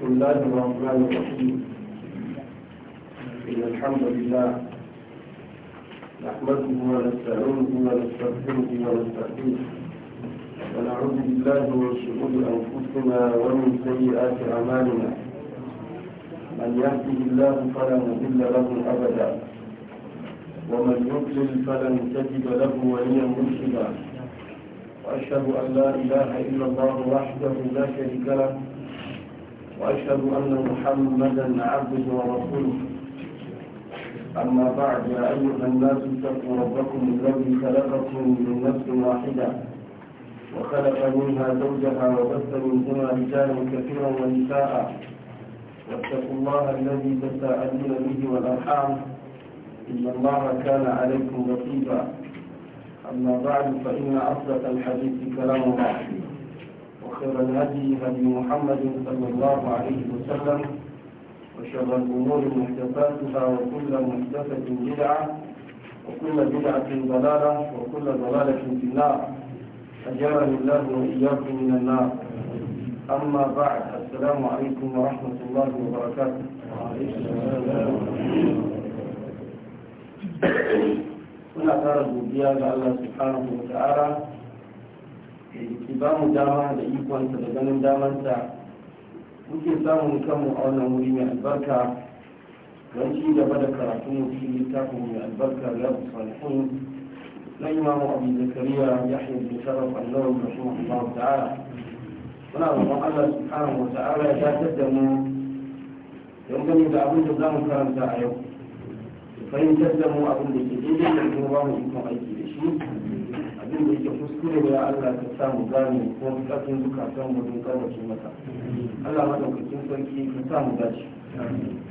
بسم الله الرحمن الرحيم إن الحمد لله نحمده ونستعينه ونستغفره ونستهديه ونعوذ بالله من شرور أنفسنا ومن سيئات أعمالنا من يهده الله فلا مضل له أبدا ومن يضلل فلن تجد له وليا مرشدا وأشهد أن لا إله إلا الله وحده لا شريك له وأشهد أن محمدا عبده ورسوله أما بعد يا أيها الناس اتقوا ربكم الذي خلقكم من نفس واحدة وخلق منها زوجها وبث منهما رجالا كثيرا ونساء واتقوا الله الذي تساءلون به والأرحام إن الله كان عليكم رقيبا أما بعد فإن أصدق الحديث كلام الله وخير الهدي هدي محمد صلى الله عليه وسلم وشر الأمور محدثاتها وكل محدثة بدعة وكل بدعة ضلالة وكل ضلالة في النار اجرني الله وإياكم من النار أما بعد السلام عليكم ورحمة الله وبركاته وعليكم السلام godiya ga Allah subhanahu سبحانه وتعالى ki ba mu dama da ikonsa da ganin damansa muke samun kanmu a wannan wuri mai albarka don ci gaba da mu wuce littafi mai albarka ya fi salihun na imamu abu zakariya ya haifu sharaf annawa rahimahullahu ta'ala muna roƙon allah subhanahu wa ta'ala ya dakatar da mu don gani da abin da za mu karanta a yau fahimtar da mu abin da ke daidai da kuma ba mu ikon aiki da shi abin da yake kuskure ne ya Allah ta samu mu gane ko mu kafin zukatan mu don kada ke mata Allah madaukakin sarki ka samu mu dace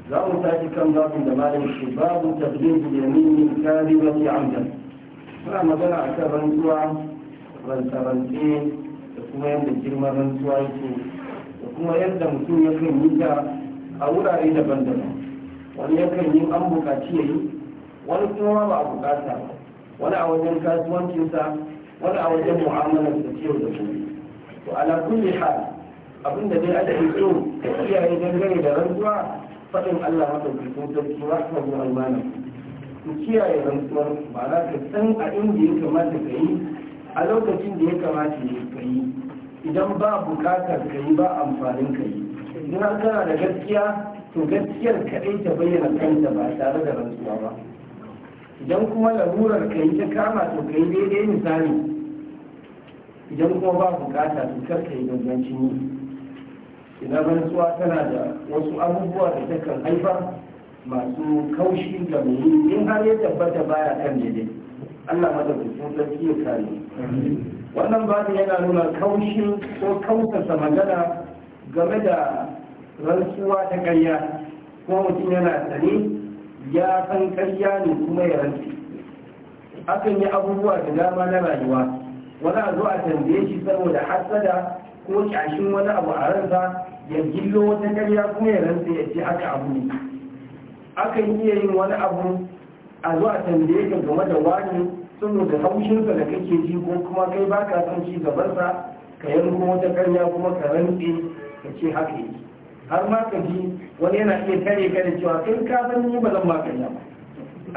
za mu tafi kan babin da malam shi babu tabligh yamin kadibati amdan muna magana akan rantsuwa rantsarantse da kuma yadda girman rantsuwa yake da kuma yadda mutum ya kan yi ta a wurare daban-daban wani ya kan yi an buƙaci ya yi wani kuma ba a buƙata wani a wajen kasuwancinsa wani a wajen mu'amalar da ciwo da gobe to ala kulli hal abin da dai ake so ka iyaye dangane da rantsuwa faɗin Allah ko sarki wa ta zuwa imani ku kiyaye rantsuwa ba za ka san a inda ya kamata ka yi a lokacin da ya kamata ya ka yi idan ba bukatar ka yi ba amfanin ka yi idan kana da gaskiya to gaskiyar kaɗai ta bayyana kanta ba tare da rantsuwa ba idan kuma larurar ka yi ta kama to ka yi daidai misali idan kuma ba bukata to kar ka yi gangancin yi idan rantsuwa tana da wasu abubuwa da ta kan haifar masu kaushi ga mai in har ya tabbata baya kan daidai Allah sun sarki ya kare wannan babu yana nuna kaushi ko kautasa magana game da rantsuwa ta karya ko mutum yana tsare ya san karya ne kuma ya rantse akan yi abubuwa da dama na rayuwa wani a zo a tambaye shi saboda hasada ko kyashin wani abu a ransa ya gillo wata karya kuma ya rantse ya ce haka abu ne akan iya yin wani abu a zo a tambaye ka game da wani saboda haushinsa da kake ji ko kuma kai ba ka san ci gabansa ka yanko wata karya kuma ka rantse ka ce haka yi har ma ka ji wani yana iya kare kare da cewa kai ka san ni ba zan ba kanya ba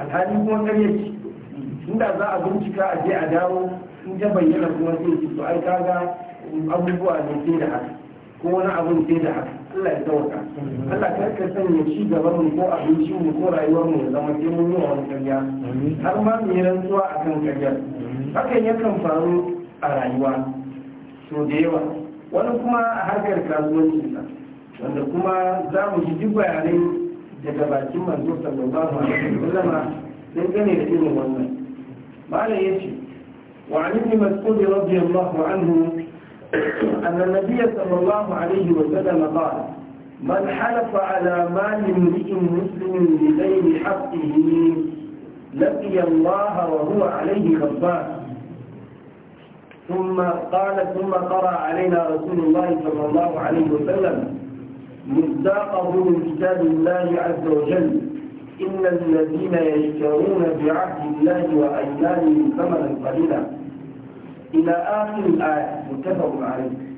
alhali kuma kare shi inda za a bincika a je a dawo in ta bayyana kuma sai su to ai kaga abubuwa ne sai da haka ko wani abun sai da haka Allah ya tsawaka Allah kar ka sanya ci gaban mu ko abincin mu ko rayuwar mu ya zama sai mun yi wani karya har ma mu yi rantsuwa akan karyar hakan yakan faru a rayuwa so da yawa wani kuma a harkar kasuwancinsa wanda kuma za mu ji duk bayanai daga bakin manzo sallallahu alaihi wasallam dangane da irin wannan malam yace wa an ibn mas'ud radiyallahu anhu أن النبي صلى الله عليه وسلم قال من حلف على مال امرئ مسلم بغير حقه لقي الله وهو عليه غضبان ثم قال ثم قرأ علينا رسول الله صلى الله عليه وسلم مصداقه من كتاب الله عز وجل إن الذين يشترون بعهد الله وأيمانهم ثمنا قليلا إلى آخر الآية متفق عليه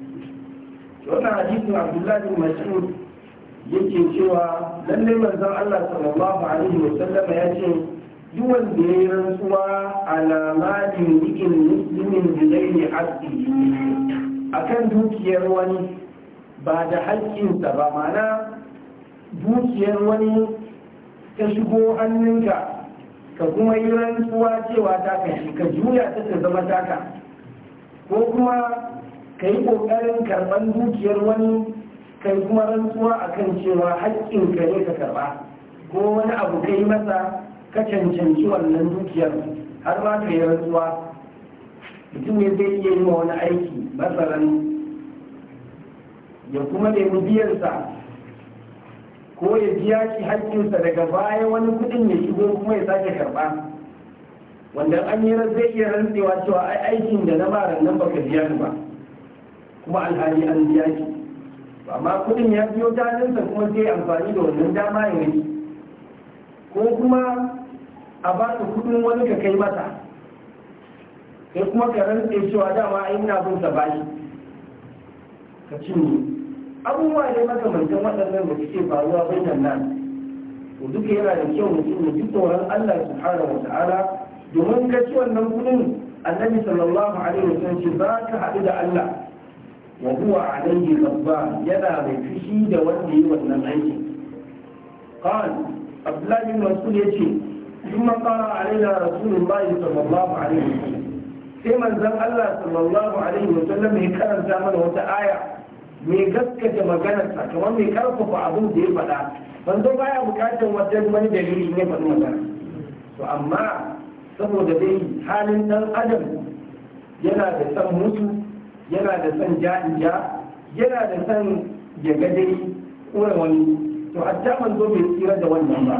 wannan hadisin abdullahi mas'ud yake cewa lallai manzon Allah sallallahu alaihi wa sallama ya ce duk da yayi yi rantsuwa ala malin ikin muslimin bi ghairi akan dukiyar wani ba da haƙƙinsa ba mana dukiyar wani ta shigo hannunka ka kuma yi rantsuwa cewa ta kashi ka juya ta ta zama taka ko kuma ka yi ƙoƙarin karɓar dukiyar wani ka yi kuma rantsuwa a kan cewa ka ne ka karɓa ko wani abu ka yi masa ka cancanci wannan dukiyar har ba ka yi rantsuwa mutum ne zai iya yi wa wani aiki masaran ya kuma nemi biyansa ko ya biya shi haƙƙinsa daga baya wani kuɗin ya shigo kuma ya sake karɓa wanda an yi zai iya rantsewa cewa ai aikin da na mara nan baka biya ni ba kuma alhali an biya ki amma kuɗin ya biyo dalinsa kuma sai amfani da wannan dama ya rage ko kuma a ba ka kuɗin wani ka kai masa sai kuma ka rantse cewa dama ai ina bin sa bashi ka cinye abubuwa ne makamantan waɗannan da suke faruwa bayan nan to duka yana da kyau mutum ya ji tsoron Allah subhanahu wa ta'ala domin ka ci wannan kudin annabi sallallahu alaihi wa ce za ka haɗu da Allah wa huwa alaihi rabba yana mai fushi da wanda yi wannan aiki qal abdullahi bin mas'ud yace ثم قرأ علينا رسول الله صلى الله عليه sai manzon Allah sallallahu alaihi wa sallam ya karanta mana wata aya mai gaskata maganarsa kamar mai karfafa abin da ya faɗa wanzo baya bukatar wajen wani dalili ne faɗi magana to amma saboda dai halin ɗan adam yana da san mutu yana da san ja'ija yana da san ya ga dai wani to hatta zo bai tsira da wannan ba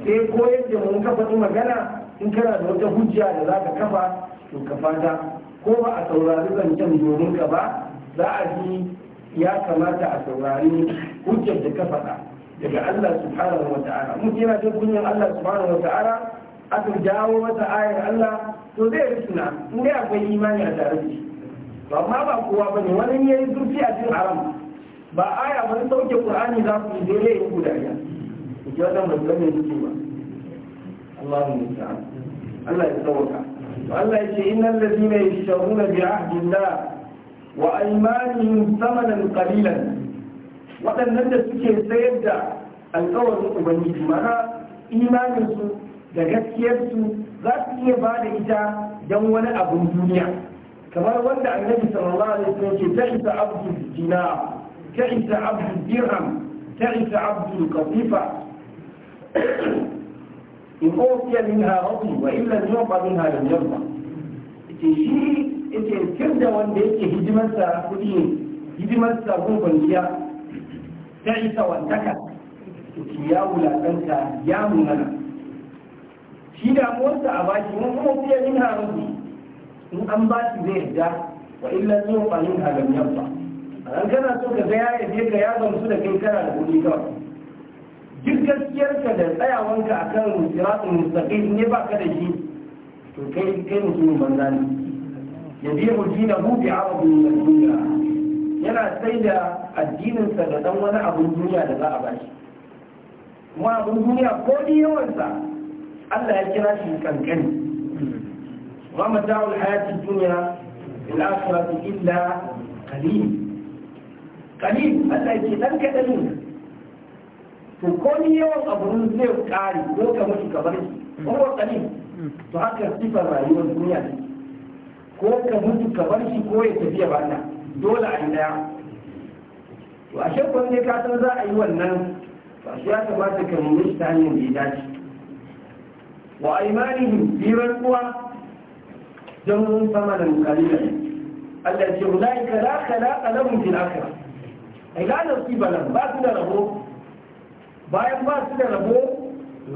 sai ko yadda mun ka faɗi magana in kana da wata hujja da za ka kafa to ka fata ko ba a saurari zancen domin ka ba za a ji ya kamata a saurari hujjar da ka faɗa daga Allah subhanahu wa ta'ala mun yana jin kunyan Allah subhanahu wa ta'ala aka jawo wata ayar Allah to zai rusuna in dai akwai imani a tare da shi ba ma ba kowa bane wani yayi zurfi a cikin haram ba aya ba sauke qur'ani za ku je ne ku da ya ki wannan ban gane shi ba Allahu ta'ala Allah ya tsawaka Allah ya ce innal ladina yashtaruna bi ahdillah wa aimanin samanan qalilan waɗannan da suke sayar da alƙawarin ubangiji mana imaninsu da gaskiyarsu za su iya ba da ita don wani abin duniya kamar wanda annabi sallallahu alaihi wasallam ce ta isa abdu dina ta isa abdu dirham ta isa abdu qatifa in ufiya minha radi wa illa yuqa minha lam yarda ce shi yake kar da wanda yake hidimarsa kuɗi ne hidimarsa gun kwanciya ta isa wantaka ki ya wulatanta ya munana shi da damuwarsa a baki mun kuma fiye harin haruki in an ba shi zai yarda wa illa zai wa yin halam yabba a kana so ka ga ya yaje ka ya gamsu da kai kana da kuɗi kawai duk gaskiyarka da tsayawanka akan siratun mustaqim ne baka da shi to kai kai mutumin banza ne yabi'u dinahu bi 'aradin yana sai da addininsa da dan wani abun duniya da za a kuma abun duniya ko ni yawansa Allah ya kira shi kankani wa mata'ul hayati dunya illa Allah to ko ni yawan abu zai ƙare ko ka mutu ka bar shi ko to haka sifar rayuwar duniya ko ka mutu ka bar shi ko ya tafi ya bana dole a yi daya to a shekwa ne ka san za a yi wannan ba shi ya kamata ka nemi shi ta hanyar da ya dace wa aimanihim biran kuwa jamun sama da mukalila Allah ce ulai ka la khalaqa lahum fil akhirah ai la nasiba lahum ba su da rabo bayan ba su da rabo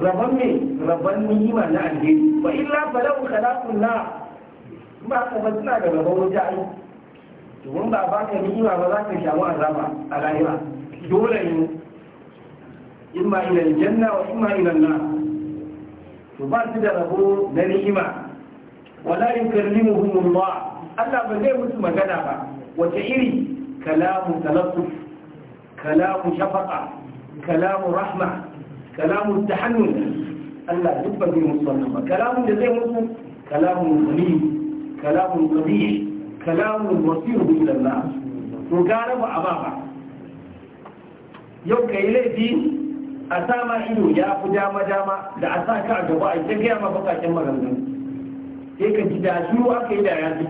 rabon me rabon ni'ima na alheri fa illa falahu khalaqun nar ba ka ba suna da gaban wuta ai domin ba ba ka ni'ima ba za ka shamu azaba a lahira dole ne imma ila janna wa imma ila an-nar to ba su da rabo na ni'ima wala yukallimuhum Allah Allah ba zai musu magana ba wace iri kalamu talaffuf kalamu shafaqa kalamu rahma kalamu tahannun Allah duk ba zai musu wannan ba kalamun da zai musu kalamun salim kalamun qabih kalamun wasiru ila Allah to gane ba a ba ba. yau kai laifi a sama ido ya fi dama dama da a sa ka a gaba a ta gaya ma bakakin maganganu ka ji da shiru aka yi da yaji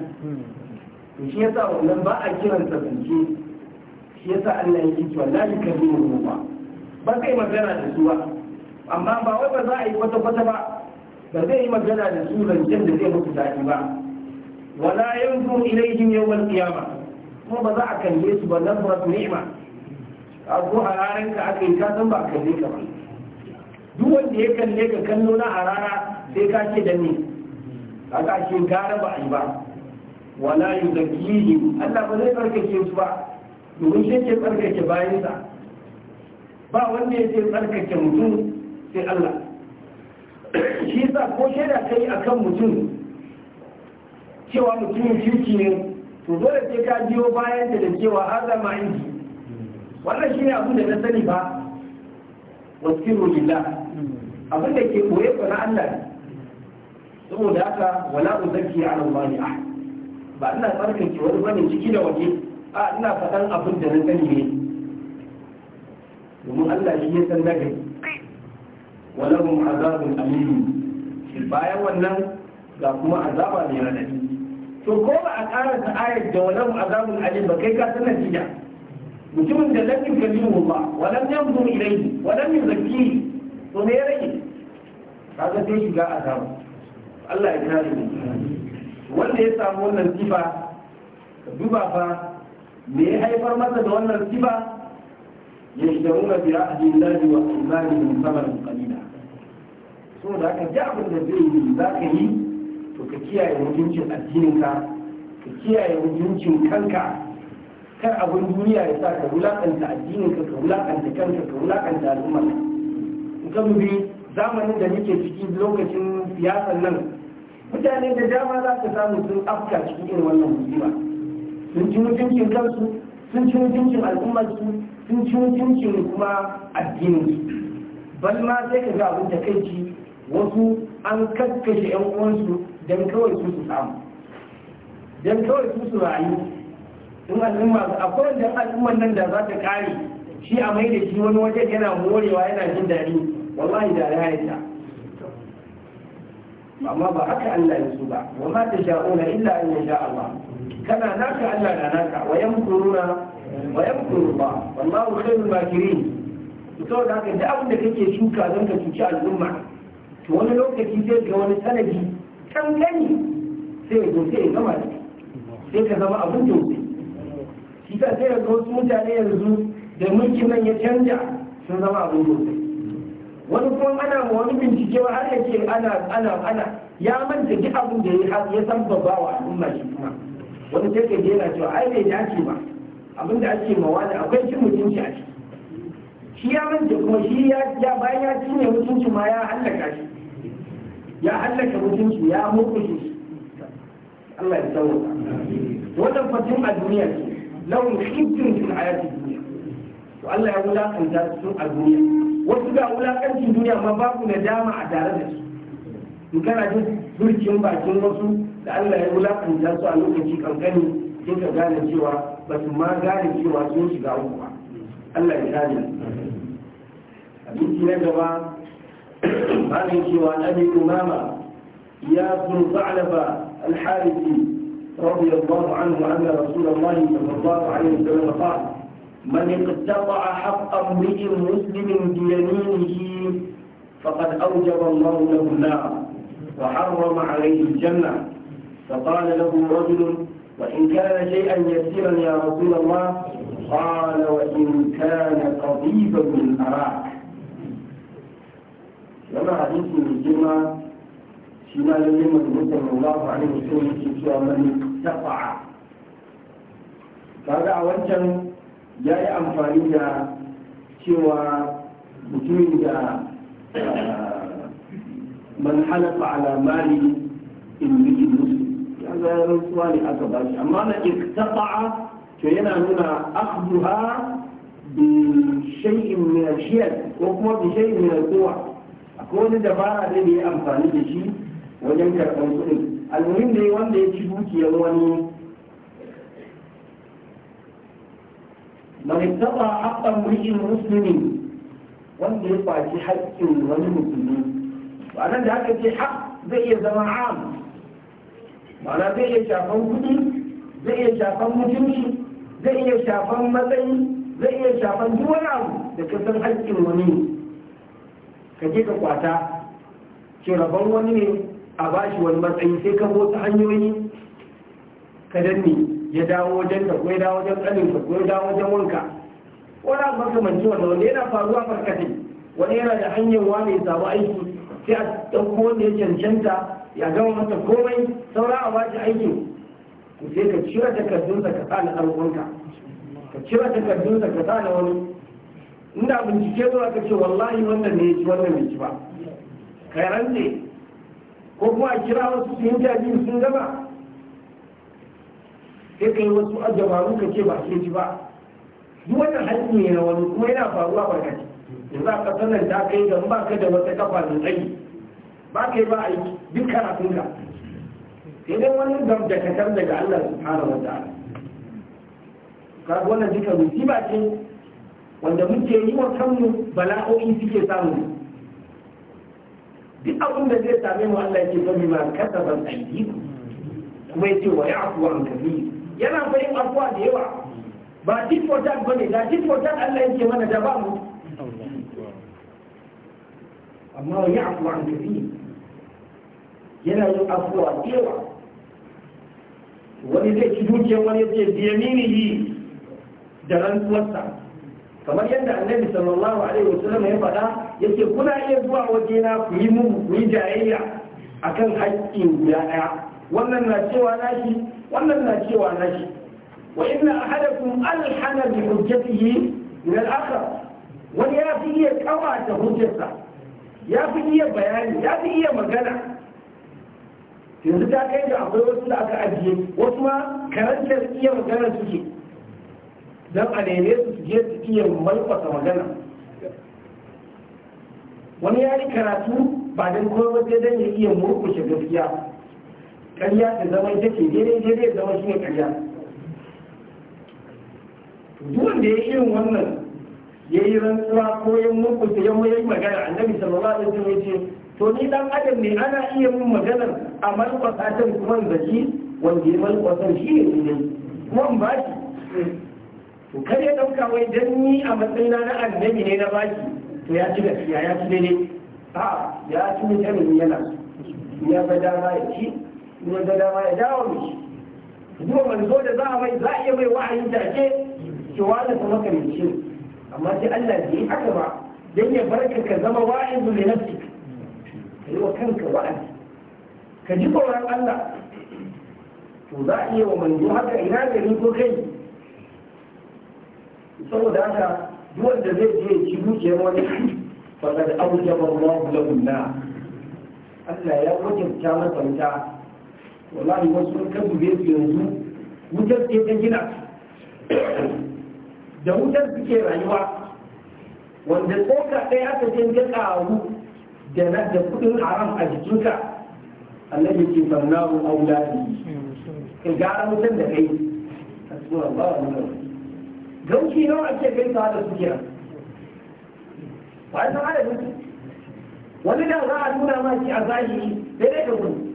to shi yasa wannan ba a kiran sa zance shi yasa Allah ya yake cewa la yukallimu ba ba kai magana da su ba amma ba wai ba za a yi kwata kwata ba ba zai yi magana da su zancen da zai mutu daɗi ba wala yanzu ilayhim yawm al-qiyamah kuma ba za a kalle su ba nazrat ni'ma a ko a ranar ka aka yi ka san ba a kalle ka ba duk wanda ya kalle ka kallo na a sai ka ce da ni haka ake gara ba a yi ba wala yuzakkihim Allah ba zai tsarkake su ba domin shi ke tsarkake sa ba wanda ya ce tsarkake mutum sai Allah shi sa ko shaida kai akan mutum cewa mutumin kirki ne to dole sai ka biyo bayan da cewa azama inji wannan shi ne abin da na sani ba wasiru lillah abin da ke koye ko na Allah saboda haka wala uzaki ala Allah a. ba ina tsarkake wani wani ciki da waje a ina faɗan abin da na sani ne domin Allah shi ya san wala ku ma'azabin alim bayan wannan ga kuma azaba mai radadi to ko ba a ƙara ta ayar da walau azabun alim ba kai ka san natija mutumin da lam yukallimu ba wa lam yanzur ilayhi wa lam yuzakkihi to me ya rage kaga sai shiga azabu Allah ya kare mu wanda ya samu wannan sifa ka duba fa me ya haifar masa da wannan sifa ya shiga shigaruna bi ahdillahi wa imanihim samanan qalila so da ka ji abin da zai yi za ka yi to ka kiyaye mutuncin addininka ka kiyaye mutuncin kanka kar abin duniya ya sa ka wulakanta addininka ka wulakanta kanka ka wulakanta al'ummar ka bi zamanin da nake ciki lokacin siyasan nan mutane da dama za ka samu sun afka cikin irin wannan musulma sun ci mutuncin kansu sun ci mutuncin al'ummarsu sun ci mutuncin kuma addininsu bal ma sai ka ga abin da kai ci wasu an kakkashe 'yan uwansu don kawai su su samu don kawai su su rayu in al'umma akwai wanda al'umman nan da za ta kare shi a mai da shi wani wajen yana morewa yana jin daɗi wallahi da rayar ta amma ba haka Allah ya so ba wa ma sha'una illa an yasha Allah kana naka Allah na naka wa yamkuruna wa yamkuru ba wallahu khairul makirin to da haka duk abin da kake shuka don ka cuci al'umma to wani lokaci zai ga wani sanadi kankani sai ya sai ya gama da sai ka zama abin dole shi ta sai ya zo wasu mutane yanzu da mulki nan ya canja sun zama abin dole wani kuma ana ma wani bincike har ya ce ana ana ana ya manta duk abin da ya ya san babba wa al'umma shi kuma wani sai ka yana cewa ai bai dace ba abin da ake ma wani akwai cin mutunci a ciki shi ya manta kuma shi ya bayan ya cinye mutunci ma ya hallaka shi ya hallaka mutunci ya murkushe Allah ya tsawo wannan fatin a duniya ce lahum khizyun fil hayati dunya to Allah ya wulakanta su a duniya wasu ga wulakancin duniya ma babu dama a tare da su in kana jin zurcin bakin wasu da Allah ya wulakanta su a lokaci kankani sai ka gane cewa ba su ma gane cewa sun shiga uku ba Allah ya gane abinci na gaba سوى وعن أبي أمامة يا بن ثعلبة الحارثي رضي الله عنه أن رسول الله صلى الله عليه وسلم قال من اقتطع حق امرئ مسلم بيمينه فقد أوجب الله له النار وحرم عليه الجنة فقال له رجل وإن كان شيئا يسيرا يا رسول الله قال وإن كان قضيبا من أراك wannan hadisi mai girma shi ma lalle mutum sallallahu alaihi wasallam yake cewa man tafa'a kaga a wancan ya yi amfani da cewa mutumin da ah, man halafa ala mali imri'in muslim ya ga rantsuwa ne aka bashi amma na iktafa'a to yana nuna akhduha bi shay'in min al ko kuma bi shay'in min ko wani dabara dai da ya amfani da shi wajen karɓar kuɗin almuhim ne wanda ya ci dukiyar wani man taba haqqan mujin muslimin wanda ya faci haƙƙin wani musulmi ba nan da aka ce haƙ zai iya zama am ma'ana zai iya shafan kuɗi zai iya shafan mutunci zai iya shafan matsayi zai iya shafan duk wani abu da kasar haƙƙin wani ka je ka kwata ki rabon wani ne a bashi wani matsayi sai ka motsa hanyoyi ka danne ya dawo wajen ka ya dawo wajen tsanin ka ya dawo wajen wanka wani abu ka manci wanda yana faruwa farkatai. wani yana da hanyar wani ya samu aiki sai a ɗauko wanda ya cancanta ya gama masa komai saura a bashi aiki. ku sai ka cire takardunsa ka sa na ɗan ka cire takardunsa ka sa na wani inda bincike zuwa ka ce wallahi wannan ne ci wannan ne ci ba kai ne. ko kuma a kira wasu su yi jaji sun gama sai kai wasu ajabaru ka ce ba ke ci ba duk wannan hanci ne na wani kuma yana faruwa ba barkaci yanzu a kasar nan ta kai da ba ka da wata kafa da tsayi ba yi ba yi duk karatunka sai dai wani gamdakatar daga Allah subhanahu wa ta'ala kaga wannan duka musiba ce wanda muke yi wa kanmu bala'o'i suke samu duk abin da zai same mu Allah yake sani ma kasaban aiki kuma yake wa afuwa an kafi yana yin afuwa da yawa ba tit for tat bane da tit for tat Allah yake mana da ba mu amma wa afuwa an kafi yana yin afuwa da yawa wani zai ci dukiyar wani zai biya mini yi da rantsuwarsa kamar yadda annabi sallallahu alaihi wasallam ya faɗa yake kuna iya zuwa wajena ku yi mun ku yi jayayya akan haƙƙi guda ɗaya wannan na cewa nashi wannan na cewa nashi wa inna ahadakum alhana bi hujjatihi min al-akhar wani ya fi iya kawata hujjarsa ya fi iya bayani ya fi iya magana yanzu ta kai da akwai wasu da aka ajiye wasu ma karantar iya magana suke don a neme su su je su iya malkwasa magana wani ya yi karatu ba don kowa sai don ya iya murkushe gaskiya karya da zama ita daidai daidai zama shi ne karya duk wanda ya yi irin wannan ya yi rantsuwa ko ya murkushe ya yi magana annabi sallallahu alaihi wasallam ya ce to ni dan adam ne ana iya mun magana a malkwasa ta kuma zaki wanda ya malkwasa shi ne kuma ba shi to kar ya dauka wai dan ni a matsayina na annabi ne na baki to ya ci gaskiya ya ci daidai a ya ci mutanen yana ya ga dama ya ci ya ga dama ya dawo mishi duk manzo da za a mai za a iya mai wa'ayin take cewa da kuma kamice amma sai Allah bai haka ba dan ya barka ka zama wa'izu nafsi Ka yi wa kanka wa'azi ka ji tsoron Allah to za a iya wa manzo haka ina gari ko kai saboda haka duk wanda zai je ci dukiyar wani faqad awjaba Allahu da na Allah ya ta masa wuta wallahi wasu kan dube su yanzu wutar ce ta gina da wutar suke rayuwa wanda tsoka ɗaya aka ce ta ƙaru da na da kudin haram a jikinka Allah ya ce sannan auladi ka gara wutar da kai a cikin Allah gauki nawa ake gaisawa da su kira ba san adadin su wani da za a nuna ma shi a zahiri sai dai ka gudu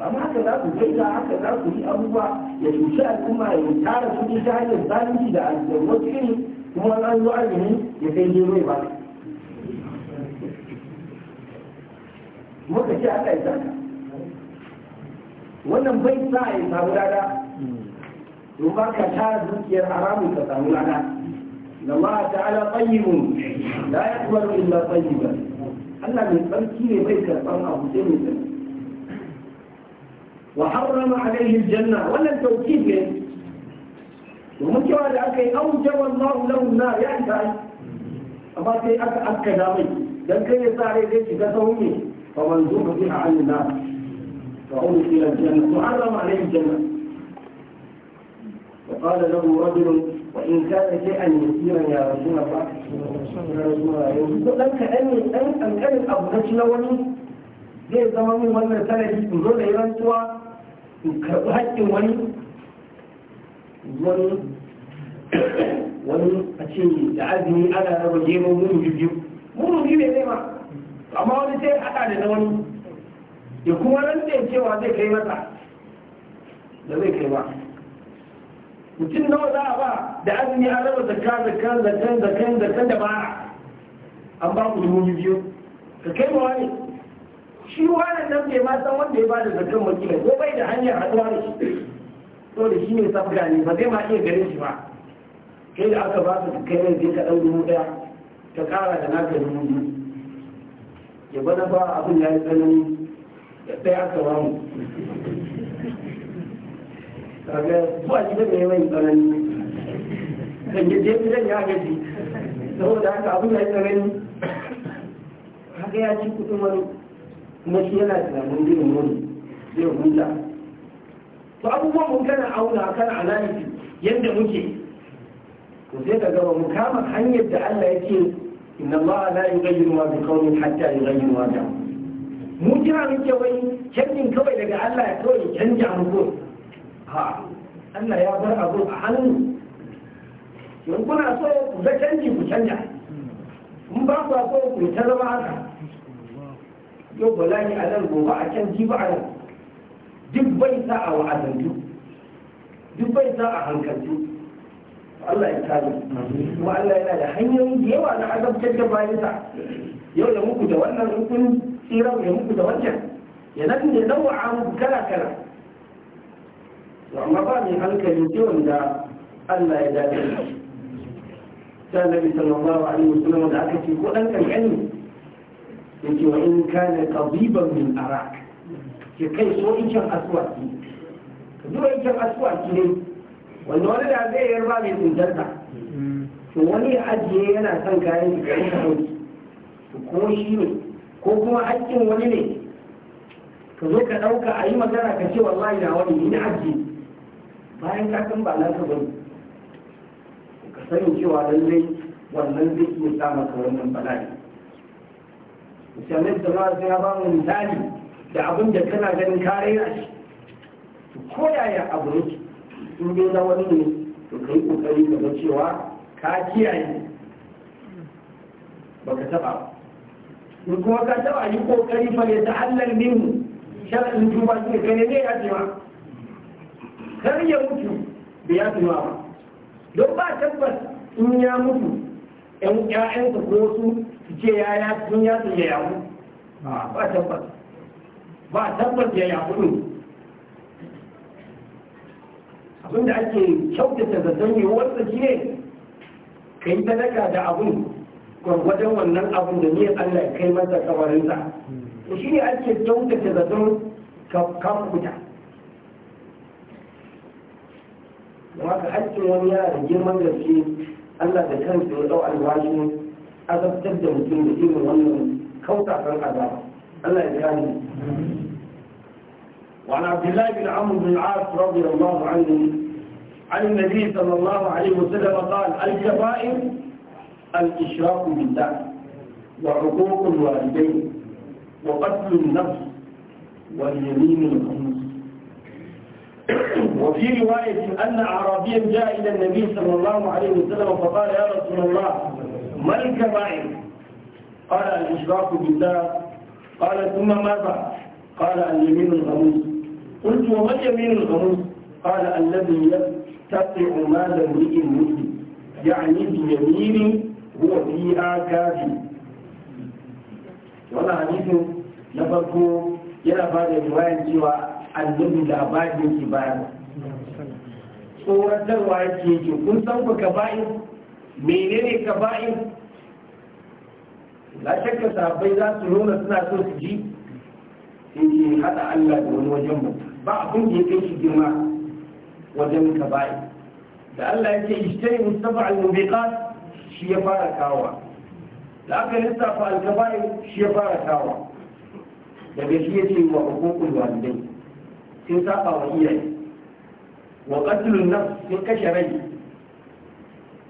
amma haka za ku gaisa haka za ku yi abubuwa ya cuci al'umma ya tara su ta hanyar zalunci da al'ummar iri kuma an zo azumi ya sai mai ba muka ce aka ya saka wannan bai sa ya samu dada domin ka tara dukiyar haramun ka samu lada da ma ta'ala tsayyibun la yaqbalu illa tayyiban Allah mai tsarki ne bai karban abu sai mai tsarki wa harrama alaihi aljanna wannan tawkid ne domin cewa da aka yi aujaba Allah lahu nar ya ta amma sai aka akkada damai. dan kai ya sa rai zai shiga sahun ne fa man zuha biha an nar fa ulqi aljanna wa harrama alaihi aljanna فقال له رجل وإن كان شيئا يسيرا يا رسول الله يا رسول الله يقول لك أني أن أن zai zama min wannan sanadi in zo da rantsuwa in karɓi haƙƙin wani wani wani a ce da azumi ana raba gero mun biyu mun biyu ne zai ma amma wani sai haɗa da na wani ya kuma rantsa cewa zai kai masa da zai kai ba mutum nawa za a ba da azumi a raba zaka da zakka da zakka da ba an ba ku dubu biyu ka kai ma wani shi wani nan bai ma san wanda ya bada zakan wakilai ko bai da hanyar haɗuwa da shi to da shi ne sabga ne ba zai ma iya ganin shi ba kai da aka ba su kai ne zai ka ɗan dubu ɗaya ka ƙara da naka dubu biyu ya bana ba abin ya yi tsanani da ɗaya aka ba mu kaga zuwa gidan ne mai tsanani kan je zan ya gaji saboda haka abu mai tsanani haka ya ci kudin wani kuma shi yana tunanin ginin wani zai huta to abubuwan mun kana auna kana analysis yadda muke to sai ka gaba mu kama hanyar da Allah yake inna Allah la yughayyiru ma bi qawmin hatta yughayyiru ma bi mu jira muke wai canjin kawai daga Allah ya kawai canja mu ko Allah ya bar abu a hannu yanzu kuna so ku ga canji ku canja in ba ku so ku ta zama haka yau ba bala'i a nan gobe a canji ba a nan duk bai sa a wa'azantu duk bai sa a hankaltu Allah ya kare kuma Allah yana da hanyoyi da yawa na azabtar da sa, yau da muku da wannan hukun tsira ya muku da wancan ya nan ne a muku kala kala to amma ba mai hankali ce wanda Allah ya dace shi sai Nabi sallallahu alaihi wasallam da aka ce ko dan kankani yake wa in kana qadiban min arak ke kai so ikin aswaki ka zo ikin aswaki ne wanda wani da zai ba mai tsintarta to wani ya ajiye yana son kayan shi kai ka dauki ko shi ne ko kuma haƙƙin wani ne ka zo ka ɗauka a yi magana ka ce wallahi na wani ina ajiye bayan ka san ba na ka ka sani cewa lallai wannan zai iya sa maka wannan bala'i misalin da ma sai ya ba mu misali da abin da kana ganin kare na shi ko yaya abu ne in dai na wani ne to kai kokari ka ga cewa ka kiyaye baka taba ba in kuma ka taba yi kokari fa ya ta'allal minhu shar'in tuba ne kai ne ya ce ma har ya mutu da ya tuwa ba don ba tabbas in ya mutu yan ƴaƴansa ko su su ce ya ya sun ya su ya yawo ba tabbas ba tabbas ya yawo ne abinda ake kyautata zaton yiwuwarsa shi ne ka yi talaka da abun gwargwadon wannan abun da niyyar Allah kai masa kawarinsa shi ne ake kyautata zaton ka kamfuta wani da girman gaske Allah da kansa ya alwashi azabtar da mutum da irin wannan kautakan Allah ya kare وعن عبد الله بن عمرو بن العاص رضي الله عنه عن النبي صلى الله عليه وسلم قال الكبائر الإشراك بالله وعقوق الوالدين وقتل النفس واليمين الخمس وفي رواية أن أعرابيا جاء إلى النبي صلى الله عليه وسلم فقال يا رسول الله ما الكبائر قال الإشراك بالله قال ثم ماذا قال اليمين الغموس قلت وما اليمين الغموس قال الذي يقتطع مال امرئ مسلم يعني بيمين هو فيها كافي ولا حديث na يا بعد روايه سوى riwayar لا بعد من كبائر tsoratarwa yake yake kun san ku kaba'in menene kaba'in la shakka sahabbai za su nuna suna so su ji in hada Allah da wani wajen mu ba abin da ya kai shi girma wajen kaba'in da Allah ya ce ishtari mustafa al-mubiqat shi ya fara kawa da aka lissafa al-kaba'in shi ya fara kawa daga shi ya ce wa hukukul walidai sun saba wa iyaye wa qatlun nafs sun kashe rai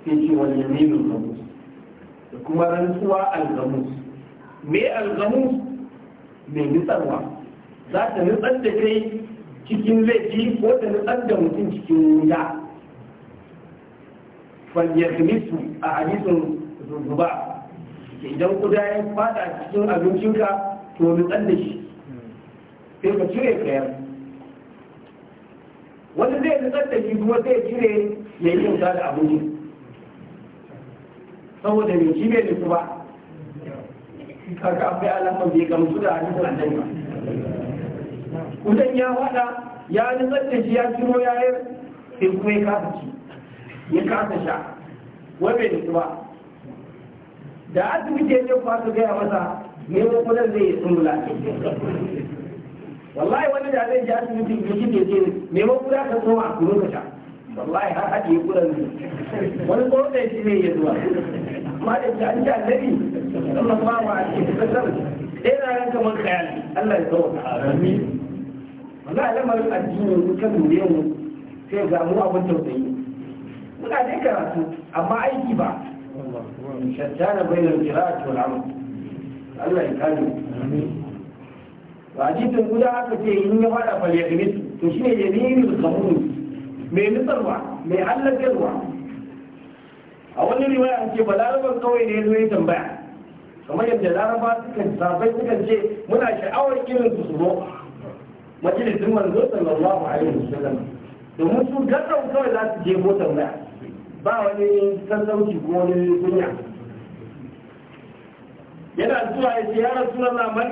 sai ce wal yaminul ghamus da kuma rantsuwa al-ghamus me al-ghamus mai nutsarwa za ta nutsar da kai cikin laifi ko ta nutsar da mutum cikin wuta falyarmisu a hadisin zuba idan kuda ya fada cikin abincinka to nutsar da shi ka cire kayar wani zai nutsar da shi kuma zai cire ya yi kyauta da abuji saboda mai shi bai nutsu ba abu ya lafa bai gamsu da hadisin annabi ba kusan ya faɗa ya yi da shi ya ciro ya yi sai kuma ya kasa ci ya kasa sha wai bai nutsu ba da asibiti ya ce kwasa gaya masa neman kudan zai yi sun mulaƙi wallahi wani da zai ji asibitin likita ya ce neman kura ka tsoma a kuro ka sha wallahi har haɗe ne wani tsoro da shi ne ya zuwa amma da ce an ji annabi sallallahu alaihi wasallam ɗaya na ran kamar khayali Allah ya tsawata amin wallahi lamarin addini mu kan ne mu sai ga mu abin tausayi muna dai karatu amma aiki ba shattana bainar qira'ati wal amal Allah ya kare amin hadisin guda aka ce in ya fada fal yaqmis to shine yaminul khamur mai nutsarwa mai allakarwa a wani riwaya an ce balarabar kawai ne zo ya tambaya kamar yadda laraba suka sabai suka ce muna sha'awar irin su su zo majalisin manzo sallallahu alaihi wasallam domin su gaddau kawai za su je tambaya ba wani sassauci ko wani kunya yana zuwa ya ce ya rasu na man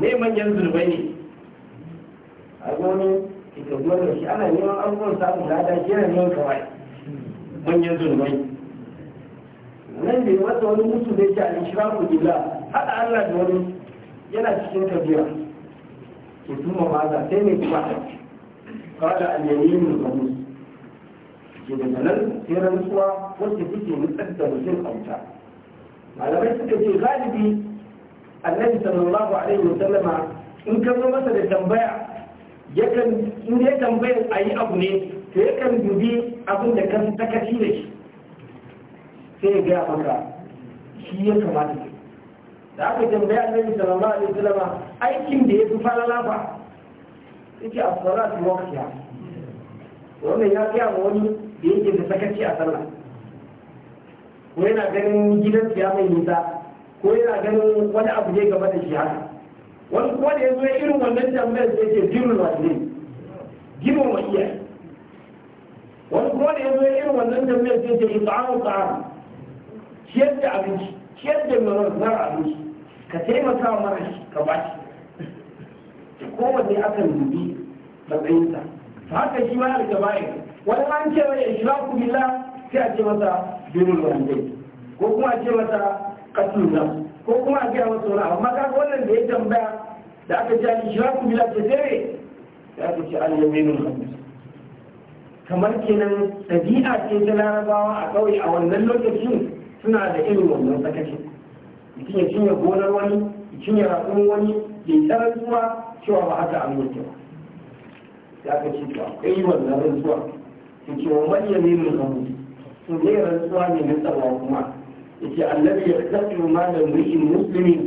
ne manyan zurbai ne a wani ikaguwar da shi ana neman abubuwan samun lada shi yana neman kawai manyan zurbai nan da ya wata wani mutu da ya ce al-ishraku billah hada Allah da wani yana cikin tafiya. ke tuma maza sai mai kuma kada al-yamin al-ghamus ke daga nan sai rantsuwa wacce take nutsar da mutum kauta malamai suka ce galibi annabi sallallahu alaihi wasallam in ka zo masa da tambaya yakan in ya tambayar a yi abu ne to yakan dubi abin da kan takaci da shi sai ya gaya maka shi ya kamata ne da aka tambaya annabi sallallahu alaihi wasallama aikin da ya fi falala ba yake a salatu waqtiha wannan ya gaya ma wani da yake da sakaci a sallah ko yana ganin gidansa ya mai nisa ko yana ganin wani abu ne game da shi haka wani kuma da yanzu ya irin wannan tambayar sai ce jirul walidai girman wa iyaye wani kuma da yanzu ya irin wannan tambayar sai ce ita'amu ta'am ciyar da abinci ciyar da mara abinci ka taimaka wa mara shi ka ba shi kowanne akan dubi matsayinsa ta haka shi ma bayan wani an ce mai ishraku billah sai a ce masa jirul walidai ko kuma a ce masa katlun da ko kuma a gaya masa wani amma kaga wannan da ya tambaya da aka ce ali ku bila tsere ya ce ce an yaminul khamis kamar kenan dabi'a ce ta larabawa a kauye a wannan lokacin suna da irin wannan sakacin mutum ya cinye gonar wani ya cinye raƙon wani ya yi tsaron zuwa cewa ba haka an yi ba ya ka ce ba akwai wannan rantsuwa ta ce wa manya ne mun sun zai rantsuwa ne na tsarwa kuma yake annabi ya tsaki malam mulkin muslimin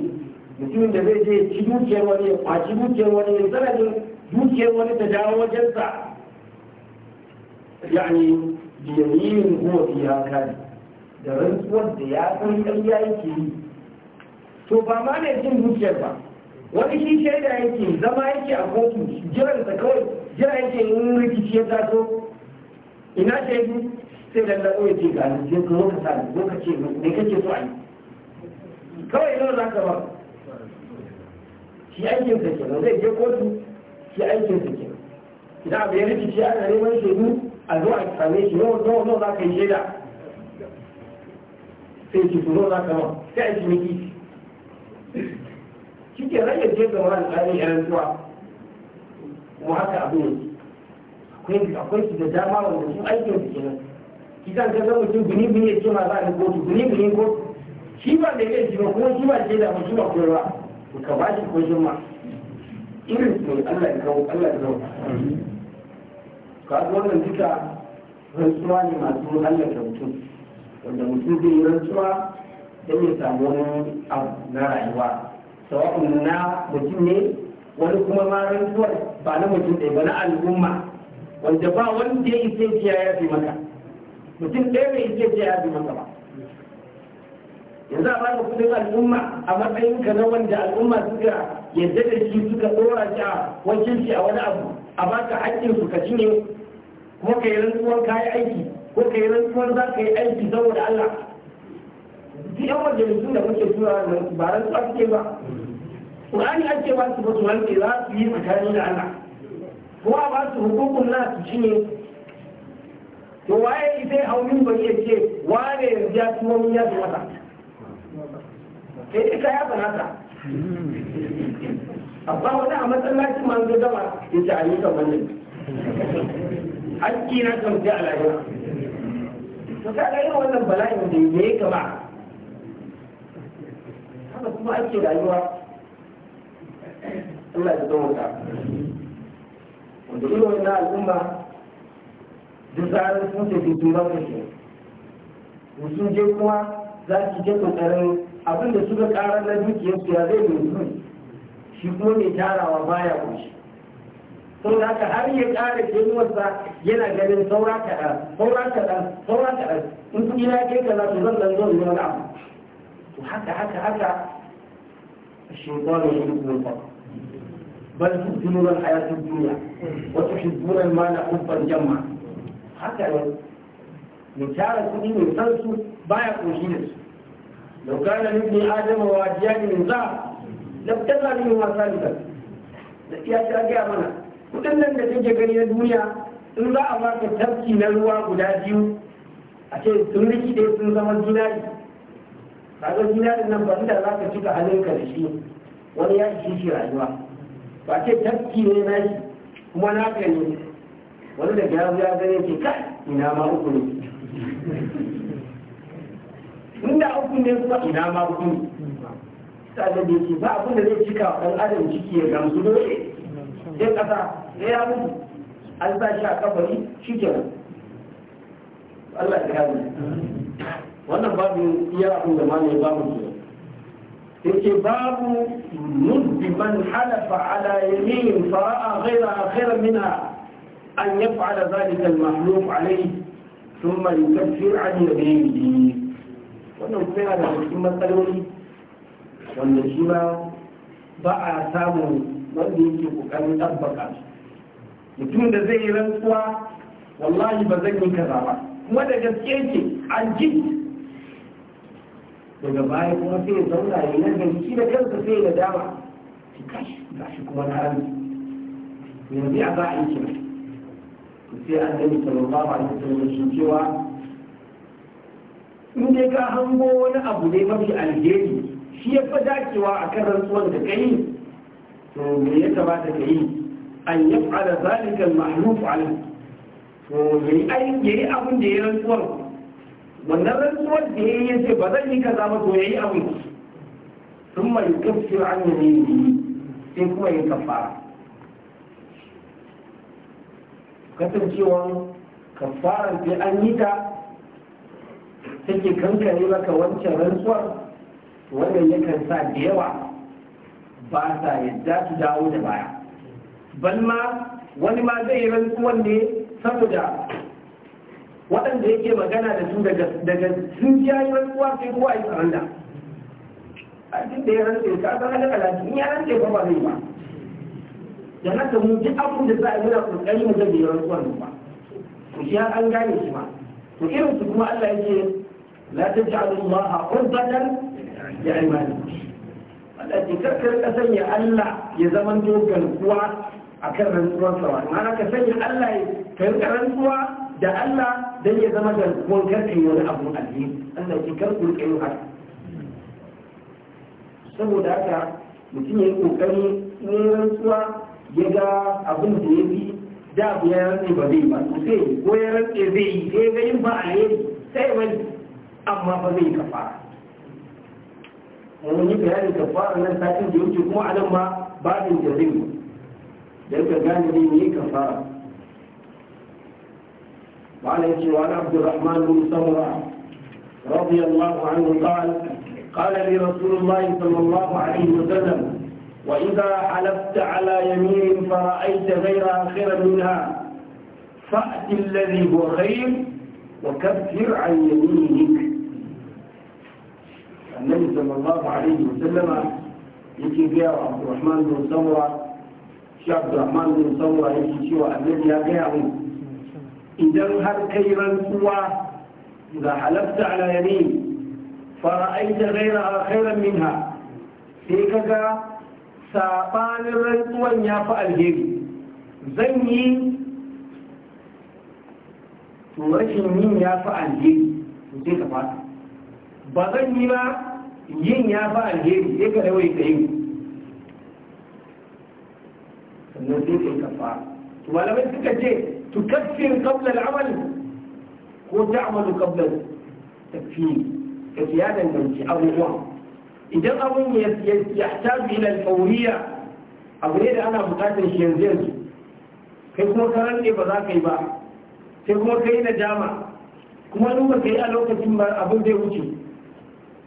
mutumin da zai je ci dukiyar wani ya kwaci dukiyar wani ya sanadin dukiyar wani ta jawo wajensa yani biyayyin kuma biya kari da rantsuwar da ya san ƙarya yake yi to ba ma ne cin dukiyar ba wani shi shaida yake zama yake a kotu jiran sa kawai jira yake yin rikici ya taso ina shaidu sai da da ya ce ga ni sai zo ka sa ni zo ka ce me kake so a yi kawai nawa za ka ba shi aikin sa nan zai je kotu shi aikin sa kenan idan abu ya rikici ana neman shaidu a zo a same shi nawa nawa nawa za ka yi shaida sai ki turo za ka ba sai a miki shi ke rage ce ga wani alƙalin yaran zuwa kuma haka abu ne akwai su da dama wanda su aikin su kenan kan kasa mutum guni guni ya ce ma za ni kotu guni guni ko shi ba mai laifi ba kuma shi ba ce da shi ba ko ba ka ba shi ko shi ma irin su Allah ya kawo Allah ya kawo ka ga wannan duka rantsuwa ne masu Allah da mutum wanda mutum zai yi rantsuwa dan ya samu wani abu na rayuwa sawa'un na mutum ne wani kuma ma rantsuwar ba na mutum ɗaya ba na al'umma wanda ba wanda ya isa ya fi maka mutum ɗaya mai iya ce ya bi masa ba yanzu a baka kudin al'umma a matsayin ka na wanda al'umma suka yadda da shi suka dora shi a wakilci a wani abu a baka haƙƙin su ka cinye ko ka yi rantsuwar kayi aiki ko ka yi rantsuwar za ka yi aiki saboda Allah duk yan majalisun da muke tura ba rantsuwa suke ba Qur'ani ce ba su ba su wanke za su yi tsakani da Allah ko a ba su hukukun na su cinye to waye ita ya aunin bari ya ce wane yanzu ya tuwo ya ya mata sai ka ya sanata Abba wani a masallacin ma zai gama ya ce a yi kan wannan hakki na kan a a lahira to ga yin wannan bala'in da ya yi gaba haka kuma ake rayuwa Allah ya zama ta wanda wani na al'umma duk zarar sun tafi su za ku shi sun je kuma za ki je kokarin abin da suka karar na dukiyarsu ya zai dozu shi kuma mai tarawa baya kushi sau da haka har ya kara kemuwarsa yana ganin saura kaɗan saura kaɗan saura kaɗan in kuɗi na ke kaza su zan zan zo in wani abu to haka haka haka shekaru ya yi kuma bal su duniyar hayatun duniya wasu shi duniyar ma na kubban jama'a haka ne mai tara kudi mai san su baya koshi da su laukana nufin adama wa jiyani za laftaka ne wasa da da iya ta gaya mana kudin nan da take gani na duniya in za a baka tafki na ruwa guda biyu a ce sun riki dai sun zama zinari kaga zinarin nan ba inda za ka cika hannunka da shi wani ya ishi shi rayuwa ba ce tafki ne na shi kuma na ne wani da ya ya gane ke kai ina ma uku ne inda uku ne kuma ina ma uku ne tsalle da yake ba abin da zai cika ɗan adam ciki ya gamsu dole sai ƙasa sai ya mutu an sa shi a kabari shi kenan Allah ya kare wannan babu iya abin da ma ne ba mu ke yake babu mudbi man halafa ala yamin fa'a ghaira khairan minha An أن يفعل ذلك المحلوف عليه ثم يكفر عن يمينه wannan kuma da cikin matsaloli wanda shi ma ba a samu wanda yake kokarin tabbaka mutumin da zai yi rantsuwa wallahi ba zan yi kaza ba kuma da gaske yake an ji daga baya kuma sai ya zauna ya nan da shi da kansa sai ya dama shi kashi gashi kuma na rantsu yanzu a za a yi kira sai an gani sallallahu alaihi wasallam shi cewa in dai ka hango wani abu ne mafi alheri shi ya fi dacewa a kan rantsuwan da kai to me ya kamata ka yi an yi fa'ala zalikan mahluf alai to yayi ayin yayi abun da ya rantsuwar wannan rantsuwar da yayi yace ba zan yi kaza ba to yayi abin thumma yukaffiru an yaminihi sai kuma ya kafara Kasancewa kafaran sai an yi ta take kankare maka wancan rantsuwar wannan yakan sa da yawa ba sa yadda su dawo da baya balma wani ma zai yi rantsuwan ne saboda waɗanda yake magana da su daga sun ya yi rantsuwa sai kuwa yi saranda a cikin da ya rantse ta zama halin alaji in ya rantse ba zai ba da haka mu duk abin da za a yi muna kokari mu ga biyar ruwan mu ba to shi an gane shi ma to irin su kuma Allah yake la taj'alu Allah qurbatan ya imani Allah ke karkar ka sanya Allah ya zama dogon kuwa akan rantsuwar sa ma'ana ka sanya Allah ya karkar rantsuwa da Allah dan ya zama da kuwan karkai wani abu alheri Allah ke karkar kai haka saboda haka mutum ya yi kokari ne rantsuwa ya ga abin da ya fi da abu ya rantse ba zai ba to sai ko ya rantse zai yi sai ga yin ba a yi sai wani amma ba zai kafa mun yi bayanin kafara nan satin da yake kuma anan ma babin da zai dan ka gane ne ne kafara وعن وعن عبد الرحمن بن سمرة رضي الله عنه قال قال لي رسول الله صلى الله عليه وسلم وإذا حلفت على يمين فرأيت غيرها خيرا منها فأت الذي هو خير وكفر عن يمينك النبي صلى الله عليه وسلم يجي بها عبد الرحمن بن سمرة شي عبد الرحمن بن سمرة يجي شوى الذي بن إذا هل خيرا سوى إذا حلفت على يمين فرأيت غيرها خيرا منها فيك saɓanin rantsuwan ya fi alheri zan yi to rashin yin ya fi alheri to sai ka fata ba zan yi ba yin ya fi alheri sai ka rawai ka yi sannan sai ka yi ka fara to malamai suka ce tu kafin kabla al'amal ko ta amalu kabla tafi ka ya danganci abubuwan idan abin ya tabi ila fauriya abu ne da ana bukatar shi yanzu yanzu kai kuma karan ne ba za ka yi ba sai kuma kai na dama kuma nuna ka yi a lokacin ba abin zai wuce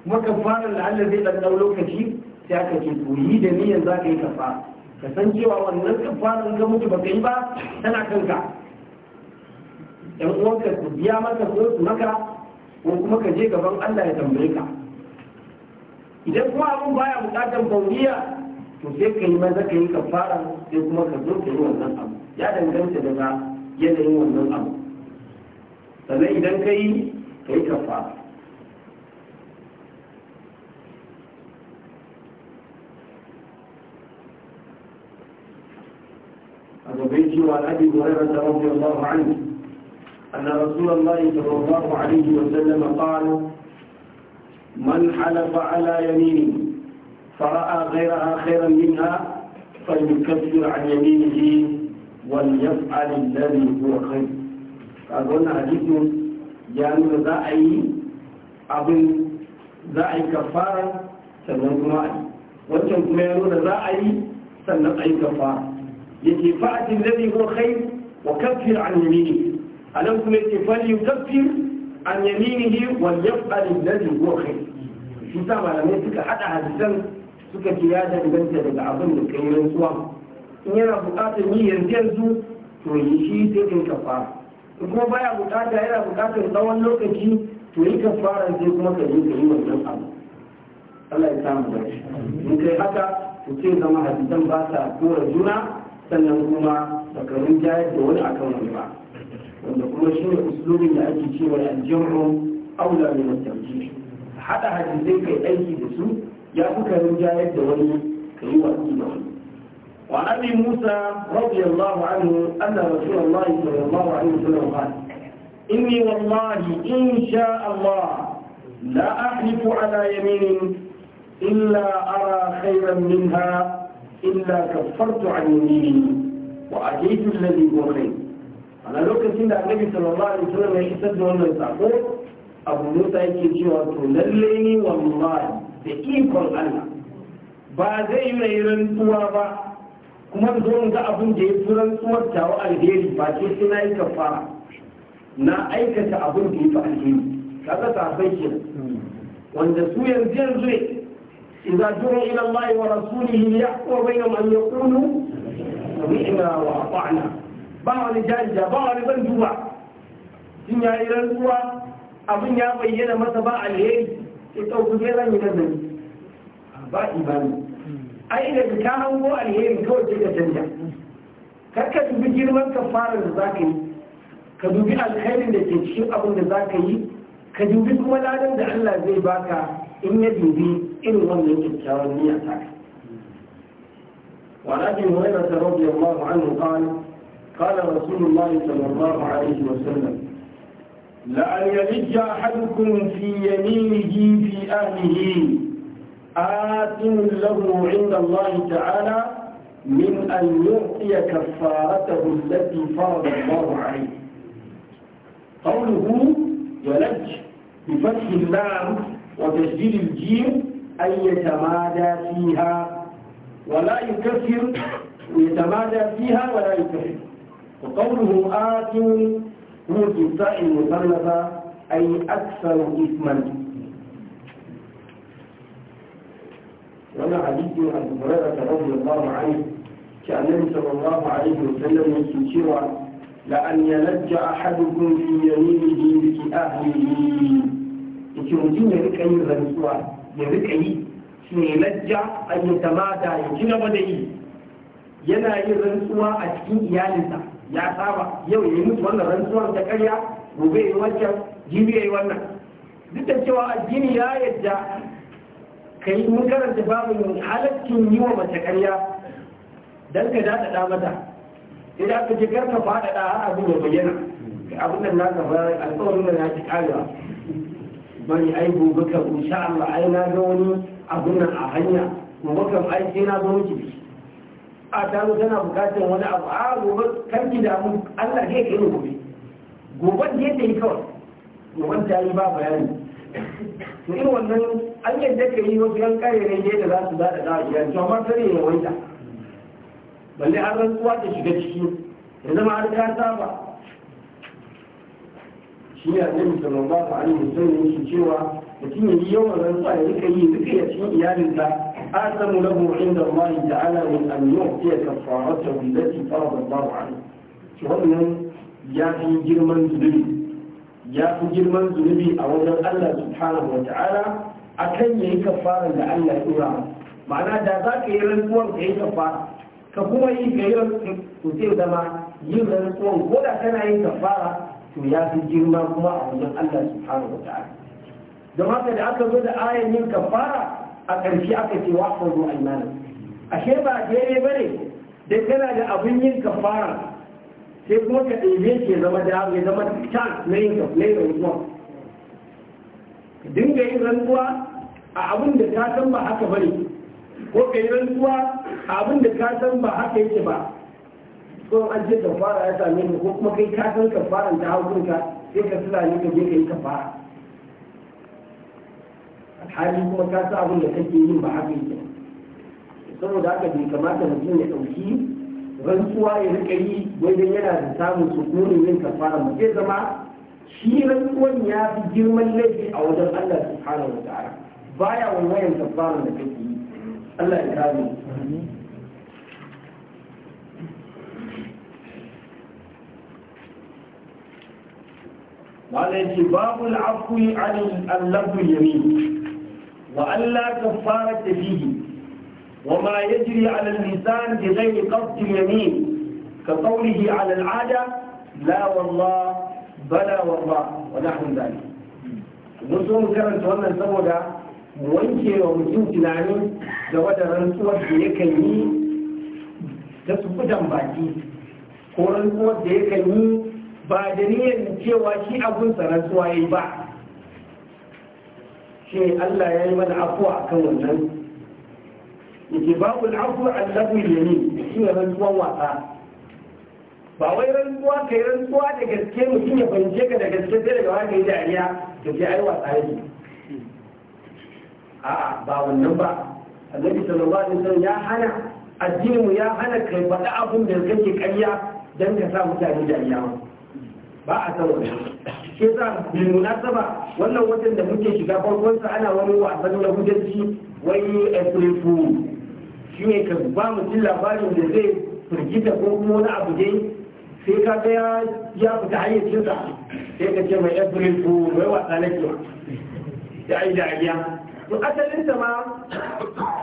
kuma ka fara da zai ɗanɗau lokaci sai aka ce koyi da niyan za ka yi kafa ka san cewa wannan fara ka mutu ba ka yi ba tana kanka yan uwanka su biya maka ko su maka ko kuma ka je gaban Allah ya tambaye ka idan kuma abun baya bukatar bauriya to sai ka yi maza ka yi kafara sai kuma ka zo ka yi wannan abu ya danganta daga yanayin wannan abu sannan idan ka yi ka yi kafara البيت وعن ابي هريره رضي الله عنه ان رسول الله صلى الله عليه وسلم قال من حلف على يمينه فرأى غيرها خيرا منها فليكفر عن يمينه وليفعل الذي هو خير أظن حديث جان ذاعي أبن ذاعي كفارا سنقوم عليه وكم كميرون ذاعي سنقعي كفارا يتي فعل الذي هو خير وكفر عن يمينه ألم كم فليكفر عن يمينه وليفعل الذي هو خير shi sa malamai suka haɗa hadisan suka ce ya danganta daga abin da kai rantsuwa in yana bukatar yi yanzu to yi shi sai kai kafara in kuma baya bukata yana bukatar tsawon lokaci to yi kafara sai kuma ka yi kai wannan abu Allah ya samu da shi in kai haka to sai zama hadisan ba sa kora juna sannan kuma sakarun jayar da wani akan wani ba wanda kuma shi ne uslubin da ake cewa aljamu aula ne na tarjih haɗa hadisai kai aiki da su ya fi karin jayar da wani kai yi watsi da wani wa abi musa radiyallahu anhu anna rasulullahi sallallahu alaihi wasallam qala inni wallahi in sha Allah la ahlifu ala yaminin illa ara khayran minha illa kaffartu an yamini wa ajitu alladhi huwa khayr ana lokacin da annabi sallallahu alaihi wasallam ya isar da wannan sako abu musa yake cewa to lalle ni wallahi da ikon allah ba zai yi na yi rantsuwa ba kuma da zo ga abun da ya fi rantsuwar tawa alheri ba ce sai yi kafara na aikata abun da ya fi alheri kaga sahabbai ke wanda su yanzu yanzu idza du'u ila allahi wa rasulihi yahkum bainahum an yaqulu sami'na wa ata'na ba wani jarija ba wani ban duba sun ya yi rantsuwa abin ya bayyana masa ba alheri sai ɗauku zai zan yi nazari ba imani ai da ka hango alheri kawai sai ka canja kar ka dubi girman kafarar da za ka yi ka dubi alkhairin da ke cikin abin da za ka yi ka dubi kuma ladan da Allah zai baka in ya dubi irin wannan kyakkyawan niyya ta ka وعن ابي هريره رضي الله عنه قال قال رسول الله صلى الله عليه وسلم لأن يلج أحدكم في يمينه في أهله آت له عند الله تعالى من أن يعطي كفارته التي فرض الله عليه قوله يلج بفتح اللام وتشديد الجيم أن يتمادى فيها ولا يكفر يتمادى فيها ولا يكفر وقوله آت كنت الإفتاء المصنفة أي أكثر إثما وأنا حديث أبو هريرة رضي الله عنه كان النبي صلى الله عليه وسلم يشير لأن يلج أحدكم في يمينه بكأهله يشوفون يرك أي رنسوة يرك أي يلج أن يتمادى يجنب دي ينا yin rantsuwa a cikin ya saba yau ya yi mutu wannan rantsuwar ta karya gobe ya yi wancan jibi ya yi wannan duk da cewa addini ya yadda ka yi mun karanta babin halaccin yi wa mace karya don ka daɗaɗa mata idan ka jikar ka faɗaɗa har abin da bayyana abin da naka bayan alƙawarin da na ci bari ai gobe kan insha Allah ai na ga wani abin nan a hanya gobe kan ai na zo miki a gano tana bukatar wani abu a gobe kan ki damu Allah zai kai gobe gobe goben da yadda yi kawai gobe ta yi ba bayani to irin wannan an yadda ka yi wasu yan kare ne da za su zaɗa za a iya to amma kare ya waita balle an rantsuwa ta shiga ciki ya zama har ta saba shi ne annabi sallallahu alaihi wasallam shi cewa mutum ya yi yawan rantsuwa ya rika yi duka ya cikin iyalinsa آثم له عند الله تعالى من أن يعطي كفارته التي فرض الله عليه wannan ya fi girman zunubi ya fi girman zunubi a wajen Allah subhanahu wa ta'ala akan yayi kafaran da Allah ya dora ma'ana da za ka yi rantsuwar ka yi kafara ka kuma yi ka yi zama yin rantsuwar ko da kana yin kafara to ya fi girma kuma a wajen Allah subhanahu wa ta'ala don haka da aka zo da ayan yin kafara a ƙarshe aka ce wa faru aimana ashe ba daidai ba ne da kana da abin yin kafara sai kuma ka ɗaibe ke zama da ya zama ta na yin rantsuwa ka dinga yin rantuwa a abin da ka san ba haka bane ko ka yi rantuwa a abin da ka san ba haka yake ba ko an ce kafara ya same ka ko kuma kai ka san kafaran ta hau sai ka tura ne ka je ka yi kafara hali kuma ka sa abin da kake yin ba haka yake saboda haka bai kamata mutum ya ɗauki rantsuwa ya rika yi wajen yana da samun sukunin yin kafara mu zai zama shi rantsuwan ya fi girman laifi a wajen Allah subhanahu wa ta'ala baya wayan kafara da kake yi Allah ya kare Malai ce babu العفو عن lafi اليمين وأن لا كفارة فيه وما يجري على اللسان بغير قصد اليمين كقوله على العادة لا والله بلا والله ونحو ذلك mutum karanta wannan saboda wanke wa mutum tunani da wadda rantsuwar da kan yi ta sufudan baki ko rantsuwar da ya kan yi ba da niyyar cewa shi abun sa rantsuwa yayi ba shi Allah ya yi mana afuwa a kan wannan yake babu al'afu allahu yami shi ne rantsuwan wasa ba wai rantsuwa kai rantsuwa da gaske mutum ya fahimce ka da gaske sai daga wani dariya da ke ai wasa yake a'a ba wannan ba annabi sallallahu alaihi wasallam ya hana addininmu ya hana kai faɗa abun da kake ƙarya dan ka sa mutane dariya ba a san wannan ke sa bi munasaba wannan watan da muke shiga farkon sa ana wani wasan na hujjanci wai april fool shi ne ka ba cin labarin da zai firgita ko kuma wani abu dai sai ka ga ya fita hayyacinsa sai ka ce mai april fool wasa na kewa da ai dariya to asalin sa ma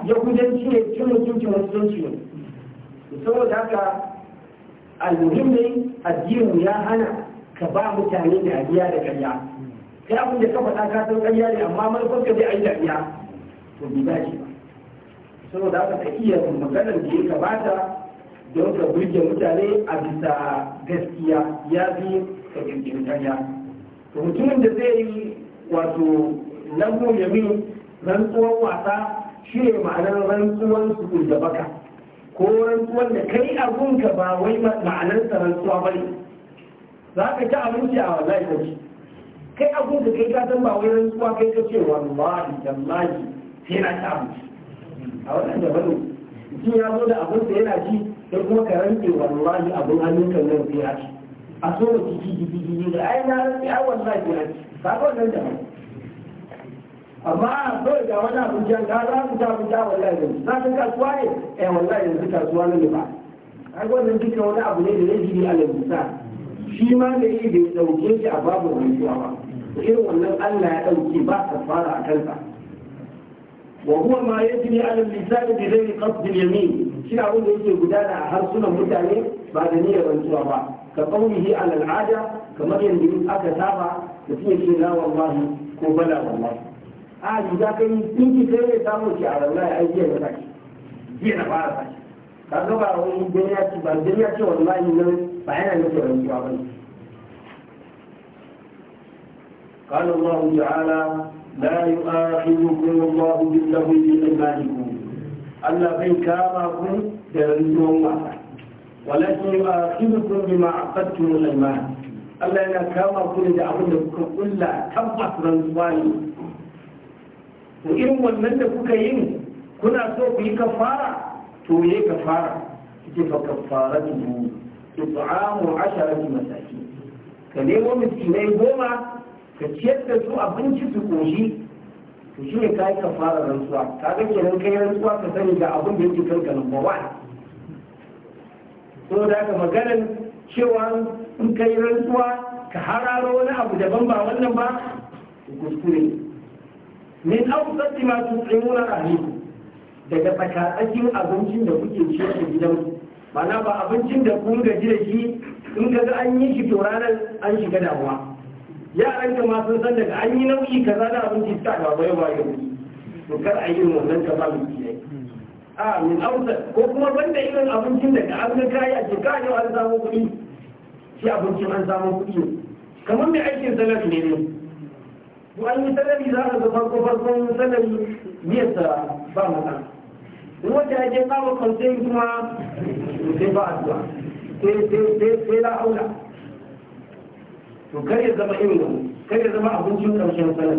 yahudanci ne cin mutunci mutunci ne saboda haka almuhimmi addinin ya hana ka ba mutane dariya da ƙarya kai abin da ka faɗa ka san ne amma manufar ka zai ayi dariya to bai dace ba saboda haka ka iya maganar da ya kamata don ka burge mutane a bisa gaskiya ya fi ka kirkiri ƙarya to mutumin da zai yi wato lambu min rantsuwan wasa shi ne ma'anar rantsuwan su da baka ko rantsuwar da kai abunka ba wai ma'anar sa rantsuwa bane za ka ci abinci a wallahi ka ci kai abin da kai ka san ba wai rantsuwa kai ka ce wallahi tallahi sai na ci abinci a wannan da bane mutum ya zo da abin da yana ci sai kuma ka rantse wallahi abin hannun kan nan sai ya ci a so da ciki ciki ciki ga ai na rantse ai wallahi sai ya ci ka ga wannan da amma a so da wani abin jan ka za ku ta fita wallahi yanzu za ka kasuwa ne eh wallahi yanzu kasuwa ne ba ai wannan duka wani abu ne da zai jiri a lalisa shi ma da yi bai ɗauke shi a babu rantsuwa ba irin wannan Allah ya ɗauke ba ta fara a kansa wa huwa ma yajri ala lisan bi ghairi qasd al yamin shi abin da yake gudana a harsunan mutane ba da niyyar rantsuwa ba ka qawlihi shi a ada kamar yadda aka saba mutum yake la wallahi ko bala wallahi a yi za ka yi tsinki kai ne samun shi a ranar aiki ya saki jiya na fara saki ka gaba wani idan ya ce ba idan ya ce wallahi nan فهنا يذكر الانفراد قال الله تعالى لا يؤاخذكم الله بالله ايمانكم الا فان كافركم تردون الله ولكن يؤاخذكم بما عقدتم الايمان الا ان كافركم اذا عقدتكم الا تبعث رنزواني وإن ولمن تكوك يم كنا سوف يكفارا تو يكفارا كيف كفارته it'amu asharati masakin ka nemo miskinai goma ka ciyar da su abinci su koshi to shi ne kai ka fara rantsuwa ka ga kenan kai rantsuwa ka sani ga abin da yake kanka number ka maganar cewa in kai rantsuwa ka harara wani abu daban ba wannan ba kuskure min awsati ma tus'imuna ahlikum daga tsakatsakin abincin da kuke ciyar da gidanku ma'ana ba abincin da kun gaji da shi in ga an yi shi to ranar an shiga damuwa yaran ka ma sun san daga an yi nau'i ka za da abinci ta ga bai ba wuce to kar a yi wannan ka ba mu kiyaye a min ausa ko kuma da irin abincin da ka an ga kai a ce ka yau an samu kuɗi shi abincin an samu kuɗi kamar mai aikin salaf ne ne ko an yi salari za ka ga farko farkon salafi biyarsa ba mu kan wata ya je kawo kwanciyar kuma sai ba addu'a sai sai sai sai la aula to kar ya zama irin mu kar ya zama abincin karshen sanar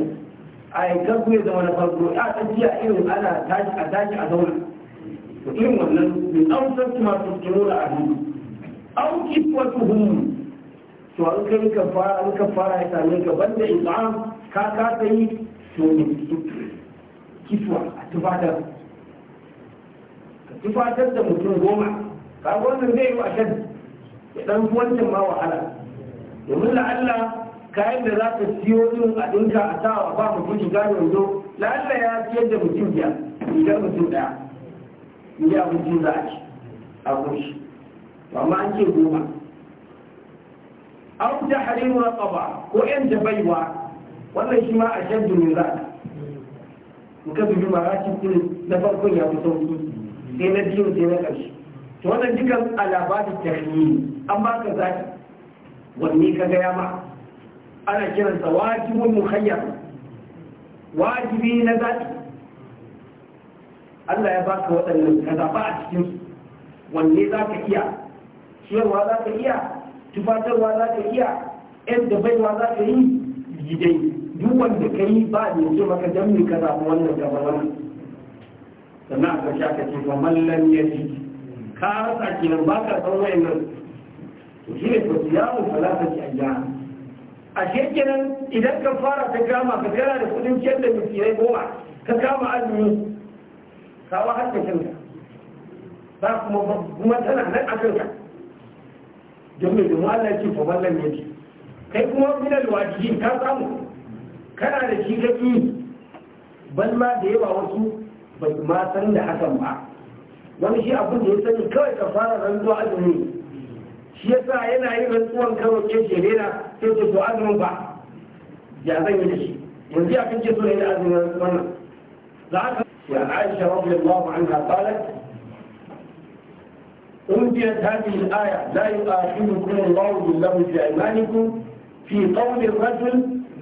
a yankar ku ya zama na farko a tsakiya irin ana tashi a tashi a zauna to irin wannan mai amsar su masu kiro da abin auki wasu hunmu to an kai ka fara an ka fara ya same ka banda isa'am ka ka ta yi to kiswa a tufatar ka tufatar da mutum goma kaga wannan zai yi ashad shan ya dan wancan ma wahala domin la'alla kayan da za ka siyo din a dinka a sawa ba mutum shiga yanzu la'alla ya siyar da mutum biya idan mutum daya ya mutum za a ci a goshi amma an ce goma an ta harimu na tsaba ko yan da baiwa wannan shi ma a shaddu ne za a in ka dubi marakin ɗin na farkon ya fi sauki sai na biyu sai na ƙarshe to wannan dukan alabati tahyi an ba ka zaki wanne ka gaya ma ana kiransa wajibul muhayyar wajibi na zaki Allah ya baka waɗannan ka zaɓa a cikin wanne za ka iya ciyarwa za ka iya tufatarwa za ka iya yan da baiwa za ka yi gidai duk wanda ka yi ba ne ce maka dan ka zaɓi wannan gaba wannan sannan a ƙarshe aka ce fa mallan ya ka rasa kenan ba ka san wayannan to shi ne fasiyamu salatati ayyam A kenan idan ka fara ta kama ka gara da kudin ciyar da miskinai goma ka kama azumi ka wa har kanka ba kuma kuma tana nan a kanka don mai domin Allah ce fa wannan ne kai kuma minal wajibin ka samu kana da shi kaki ban ma da yawa wasu ba ma san da hakan ba don shi abin da ya sani kawai ka fara rantsuwa azumi shi yasa yana yin rantsuwan karo ke shirera sai ce to azumin ba ya zan yi da shi yanzu ya kan ce so yana azumin rantsuwan nan za a ya aisha rabbi allahu anha qalat أنزلت هذه الآية لا يؤاخذكم الله بالله في أيمانكم في قول الرجل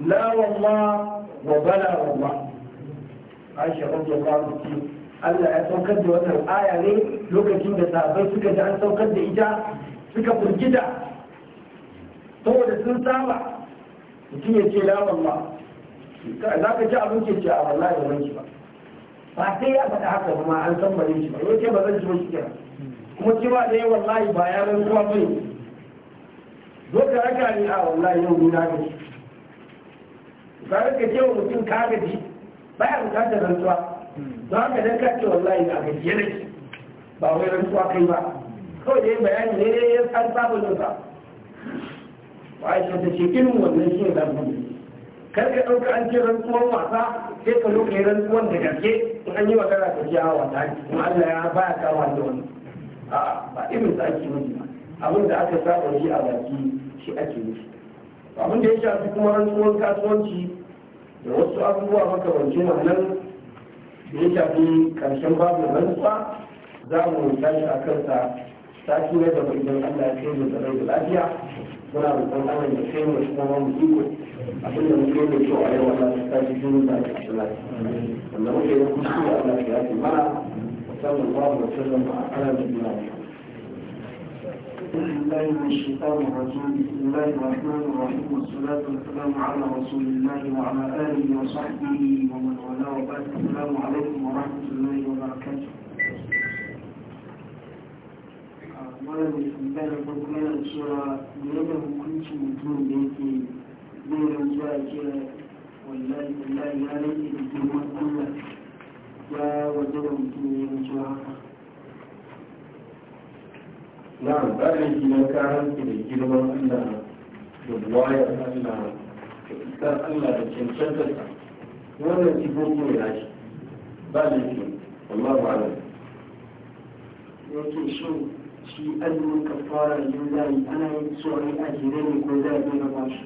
لا والله وبلا والله عائشة رضي الله عنها Allah ya saukar da wannan aya ne lokacin da sahabbai suka ji an saukar da ita suka furgida saboda sun saba mutum ya ce la wallah za ka ci abinci ce a wallahi ba wanki ba ba sai ya faɗa haka kuma an san bare shi ba yau ce ba zan ci shi kira kuma ci ba ɗaya wallahi ba ya ran kuma ba ne zo ka raka ne a wallahi yau ni na gaji ka rika ce wa mutum ka gaji ba ya bukatar rantsuwa za ka dan kacce wallahi a gajiye ne ba wai rantsuwa kai ba kawai dai bayani ne ya san sabon nasa ba a ta ce irin wannan shi ne zafin kar ka ɗauka an ce rantsuwan wasa sai ka lokaci rantsuwan da gaske in an yi magana ka ji hawa ta ake kuma Allah ya baya kama da wani a ba irin sa ake nufi abin da aka saba shi a baki shi ake nufi abin da ya shafi kuma rantsuwan kasuwanci da wasu abubuwa makamancin wannan da ya shafi karshen babu rantsuwa za mu tashi a kansa sati na gaba idan Allah ya kai mu da rai da lafiya muna roƙon Allah ya kai mu kuma ba mu iko abin da muke da kyau a yau Allah ya tashi jin da shi lafiya sannan muke da kuskure Allah ya yi mana sallallahu babu wa sallam a kan da بسم الله من الشيطان الرجيم بسم الله الرحمن الرحيم والصلاة والسلام على رسول الله وعلى آله وصحبه ومن والاه وبعد السلام عليكم ورحمة الله وبركاته malam mai tambaya ko kuma yana cewa me da hukuncin mutum da yake zai rantsuwa ya ce wallahi wallahi ya rage da girman Allah ya wajen mutum ya rantsuwa haka na'am tsarin shi na karanci da girman allah da buwayar allah da isar allah da cancantarsa wannan sifofi ne na shi ba laifi wallahu a'lam yake shin shi azumin kafara yin zai ana yin tsoron ajiyar ne ko zai ne na bashi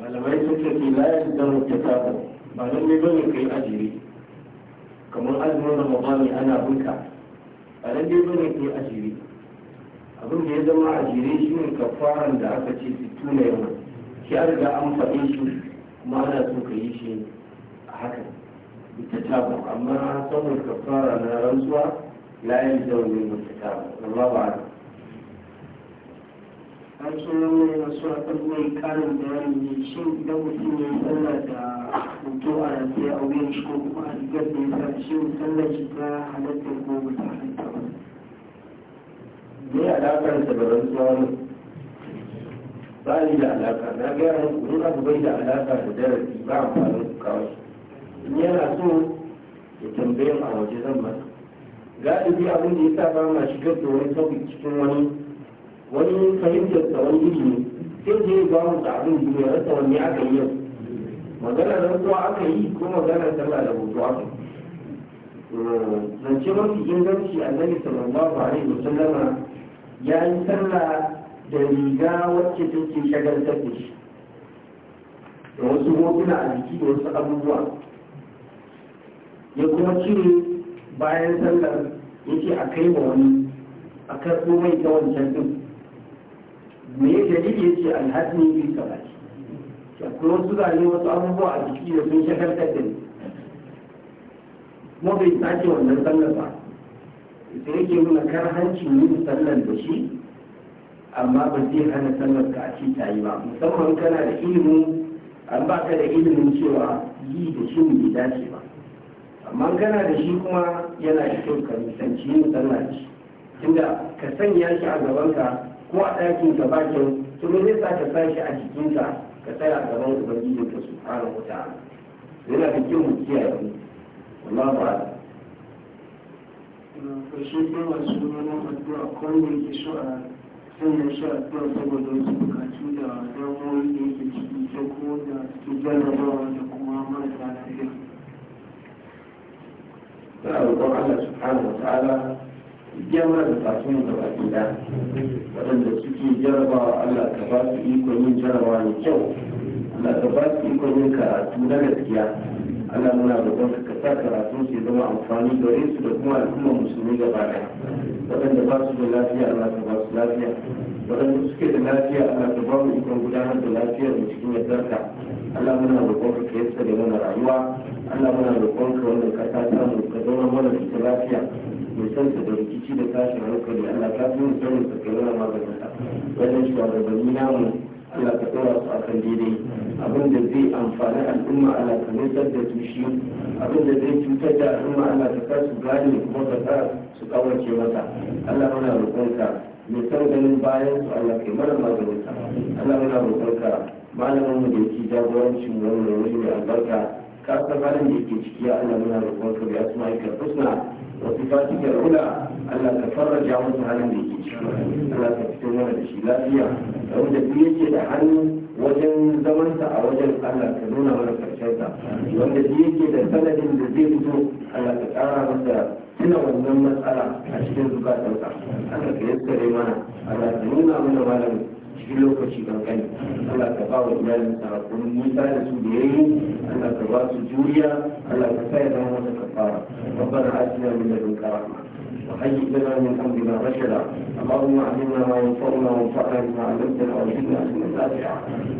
malamai suka ce layar da mutu ba nan kai ajiri kamar azumin ramadani ana bunka a lalle ba ne ke ajiri abin da ya zama ajiri shi ne kafaran da aka ce su tuna yawa shi an riga an faɗe shi kuma ana so ka yi shi a haka ita ba amma saboda kafara na rantsuwa la da zaune ba ta ba Allah ba an so wani masu akwai karin bayani shi idan mutum ya yi sallah da mutu a rantse a wuyan shi ko kuma a rigar da ya sa shi sallar shi ta halatta ko ba ta halatta ba ne alaƙar da ba rantsuwa ne ba ni da alaƙa na gaya muku in abu bai da alaƙa da darasi ba amfanin su kawo in yana so ya tambayin a waje zan masa galibi abin da ya sa ba ma shigar da wani sauƙi cikin wani wani fahimtar da wani ilimi sai da ya ba mu da abin da ya rasa wani aka yi yau magana da mutuwa aka yi ko magana sallah da mutuwa aka yi eh, zance mafi inganci annabi sallallahu alaihi wasallama ya yi sallah da riga wacce take shagaltar da shi da wasu hotuna a jiki da wasu abubuwa ya kuma cire bayan sallar ce a kai wa wani a karɓo mai ta wancan ɗin me dalili ya ce alhaji ne bil da wasu zane wasu abubuwa a jiki da sun shakartar da kuma bai sake wannan sallar ba ita yake nuna karhancin yin sallar da shi amma ba zai hana sallar ka a ci ta yi ba musamman kana da ilimin an ba ka da ilimin cewa yi da shi bai dace ba amma kana da shi kuma yana da kyau ka nisanci yin sallar da shi tunda ka sanya shi a gabanka ko a ɗakin ka bakin to me zai sa ka sa shi a jikinka 在咱俩合作，我已经不数，俺都不讲了。原来是旧见，我老晚。嗯，首先我说明我们不要空口一说，真正说要做工作是不敢轻的，任务一定是要苦的，时间要多，要苦啊，不能太轻。啊，阿弥陀佛，阿弥陀佛。gyara da kasuwan da baki da waɗanda suke jarabawa Allah ka ba su ikon yin jarabawa mai kyau Allah ka ba su ikon yin karatu na gaskiya Allah muna roƙon ka sa karatun su zama amfani gare su da kuma al'umma musulmi gaba ɗaya waɗanda ba su da lafiya Allah ka ba su lafiya waɗanda suke da lafiya Allah ka ba mu ikon gudanar da lafiya mu cikin yardarka Allah muna roƙon ka ka yasa da mana rayuwa Allah muna roƙon ka wannan kasa ta mu ka zauna mana cikin lafiya mai santa da rikici da tashin hankali Allah ta fi mun sanin ka kai mana maganin sa wajen shugabanni namu Allah ka tsora su akan daidai abin da zai amfani al'umma Allah ka nutsar da su shi abin da zai cutar da al'umma Allah ka sa su gane kuma ka sa su kawance mata Allah muna roƙonka mai san ganin bayan su Allah kai mana maganin sa Allah muna roƙonka malamin mu da yake jagorancin wannan wuri mai albarka ka san halin da yake ciki Allah muna roƙonka bai asma'ika husna وصفاتك العلى ألا تفرج عن تعالى ألا تفتنون بشلافية لو جديك لحن وجن زمنت أو وجن ألا تنون ولا فرشيتا والذيك لسند لزيفت ألا تتعرى مثلا suna wannan matsala a cikin zukatanka ana ka yaskare mana ana ta nuna mana malamin cikin lokaci kankani Allah ka ba wa iyalin sarakun musa da su da yayi Allah ka ba su juriya Allah ka sa ya wata kafara ربنا آتنا من لدنك رحمة وهيئ لنا من أمرنا رشدا اللهم علمنا ما ينفعنا وانفعنا بما علمتنا وزدنا علما نافعا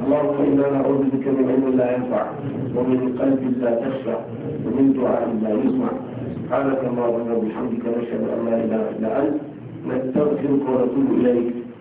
اللهم إنا نعوذ بك من علم لا ينفع ومن قلب لا تخشع ومن دعاء لا يسمع سبحانك اللهم وبحمدك نشهد أن لا إله إلا أنت نستغفرك ونتوب إليك